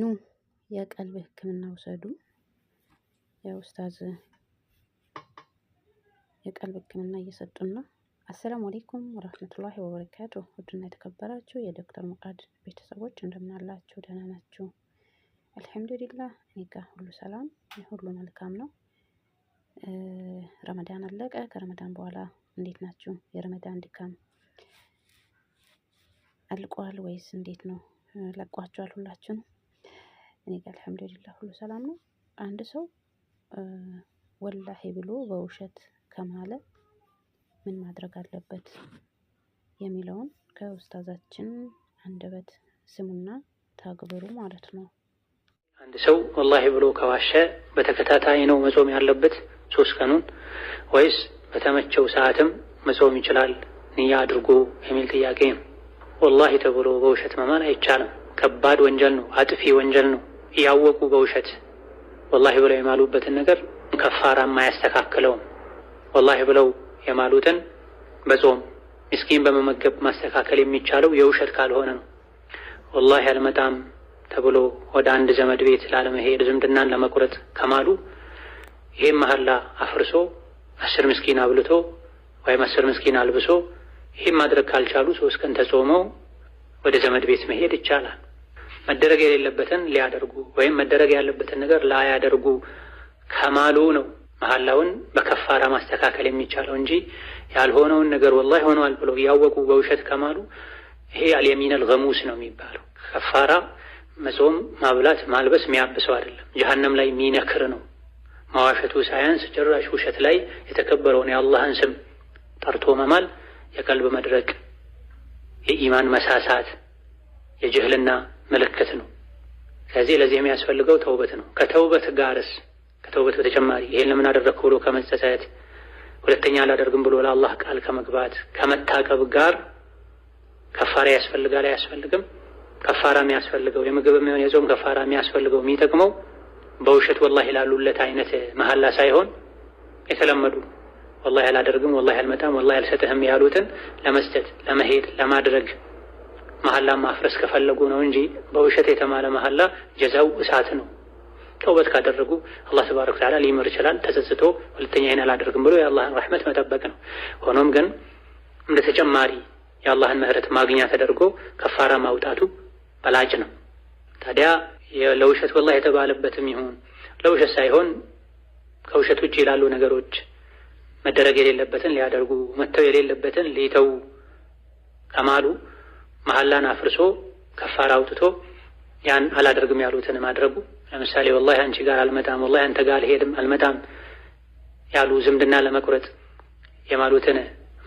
ኑ የቀልብ ሕክምና ውሰዱ። ያው ኡስታዝ የቀልብ ሕክምና እየሰጡን ነው። አሰላሙ አሌይኩም ወራህመቱላሂ ወበረካቱ። ውድና የተከበራችሁ የዶክተር ሙቃድ ቤተሰቦች እንደምን አላችሁ? ደህና ናችሁ? አልሐምዱሊላህ እኔ ጋ ሁሉ ሰላም፣ ሁሉ መልካም ነው። ረመዳን አለቀ። ከረመዳን በኋላ እንዴት ናችሁ? የረመዳን ድካም አልቋል ወይስ እንዴት ነው? ለቋችኋል ነው? እኔ ጋር አልሐምዱሊላህ ሁሉ ሰላም ነው። አንድ ሰው ወላሂ ብሎ በውሸት ከማለ ምን ማድረግ አለበት የሚለውን ከኡስታዛችን አንደበት ስሙና ታግብሩ ማለት ነው። አንድ ሰው ወላሂ ብሎ ከዋሸ በተከታታይ ነው መጾም ያለበት ሶስት ቀኑን ወይስ በተመቸው ሰዓትም መጾም ይችላል ንያ አድርጎ የሚል ጥያቄ ነው። ወላሂ ተብሎ በውሸት መማል አይቻልም። ከባድ ወንጀል ነው። አጥፊ ወንጀል ነው። ያወቁ በውሸት ወላሂ ብለው የማሉበትን ነገር ከፋራ አያስተካክለውም። ወላሂ ብለው የማሉትን በጾም ምስኪን በመመገብ ማስተካከል የሚቻለው የውሸት ካልሆነ ነው። ወላሂ አልመጣም ተብሎ ወደ አንድ ዘመድ ቤት ላለመሄድ ዝምድናን ለመቁረጥ ከማሉ ይህም መሐላ አፍርሶ አስር ምስኪን አብልቶ ወይም አስር ምስኪን አልብሶ ይህም ማድረግ ካልቻሉ ሶስት ቀን ተጾመው ወደ ዘመድ ቤት መሄድ ይቻላል። መደረግ የሌለበትን ሊያደርጉ ወይም መደረግ ያለበትን ነገር ላያደርጉ ከማሉ ነው መሐላውን በከፋራ ማስተካከል የሚቻለው እንጂ ያልሆነውን ነገር ወላሂ ሆነዋል ብለው እያወቁ በውሸት ከማሉ ይሄ አልየሚነል ገሙስ ነው የሚባለው። ከፋራ መጾም፣ ማብላት፣ ማልበስ የሚያብሰው አይደለም፣ ጀሀነም ላይ የሚነክር ነው። መዋሸቱ ሳያንስ ጭራሽ ውሸት ላይ የተከበረውን የአላህን ስም ጠርቶ መማል የቀልብ መድረቅ፣ የኢማን መሳሳት፣ የጅህልና ምልክት ነው። ስለዚህ ለዚህ የሚያስፈልገው ተውበት ነው። ከተውበት ጋርስ ከተውበት በተጨማሪ ይሄን ለምን አደረግክ ብሎ ከመጸጸት፣ ሁለተኛ አላደርግም ብሎ ለአላህ ቃል ከመግባት ከመታቀብ ጋር ከፋራ ያስፈልጋል አያስፈልግም? ከፋራ የሚያስፈልገው የምግብ የሚሆን የጾም ከፋራ የሚያስፈልገው የሚጠቅመው በውሸት ወላሂ ላሉለት አይነት መሐላ ሳይሆን የተለመዱ ወላሂ አላደርግም፣ ወላሂ አልመጣም፣ ወላሂ አልሰጥህም ያሉትን ለመስጠት ለመሄድ ለማድረግ መሐላ ማፍረስ ከፈለጉ ነው እንጂ በውሸት የተማለ መሐላ ጀዛው እሳት ነው። ተውበት ካደረጉ አላህ ተባረከ ወተዓላ ሊምር ይችላል። ተጸጽቶ ሁለተኛ ይህን አላደርግም ብሎ የአላህን ረሕመት መጠበቅ ነው። ሆኖም ግን እንደ ተጨማሪ የአላህን ምህረት ማግኛ ተደርጎ ከፋራ ማውጣቱ በላጭ ነው። ታዲያ ለውሸት ወላ የተባለበትም ይሁን ለውሸት ሳይሆን ከውሸት ውጭ ይላሉ ነገሮች መደረግ የሌለበትን ሊያደርጉ መተው የሌለበትን ሊተው ከማሉ መሐላን አፍርሶ ከፋር አውጥቶ ያን አላደርግም ያሉትን ማድረጉ ለምሳሌ ወላሂ አንቺ ጋር አልመጣም፣ ወላሂ አንተ ጋር አልሄድም አልመጣም ያሉ ዝምድና ለመቁረጥ የማሉትን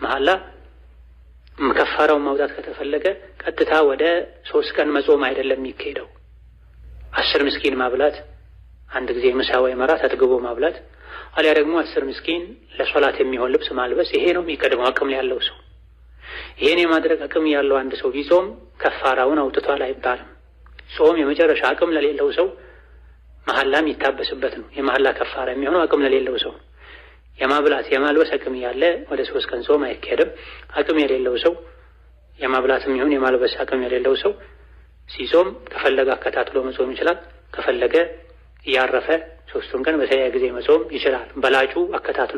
መሐላ ከፋራውን ማውጣት ከተፈለገ ቀጥታ ወደ ሶስት ቀን መጾም አይደለም የሚካሄደው። አስር ምስኪን ማብላት አንድ ጊዜ ምሳ ወይም እራት አጥግቦ ማብላት፣ አሊያ ደግሞ አስር ምስኪን ለሶላት የሚሆን ልብስ ማልበስ፣ ይሄ ነው የሚቀድመው አቅም ያለው ሰው ይህን የማድረግ አቅም ያለው አንድ ሰው ቢጾም ከፋራውን አውጥቷል አይባልም። ጾም የመጨረሻ አቅም ለሌለው ሰው መሐላም ይታበስበት ነው። የመሐላ ከፋራ የሚሆነው አቅም ለሌለው ሰው የማብላት የማልበስ አቅም ያለ ወደ ሶስት ቀን ጾም አይካሄድም። አቅም የሌለው ሰው የማብላትም ይሁን የማልበስ አቅም የሌለው ሰው ሲጾም ከፈለገ አከታትሎ መጾም ይችላል። ከፈለገ እያረፈ ሶስቱን ቀን በተለያየ ጊዜ መጾም ይችላል። በላጩ አከታትሎ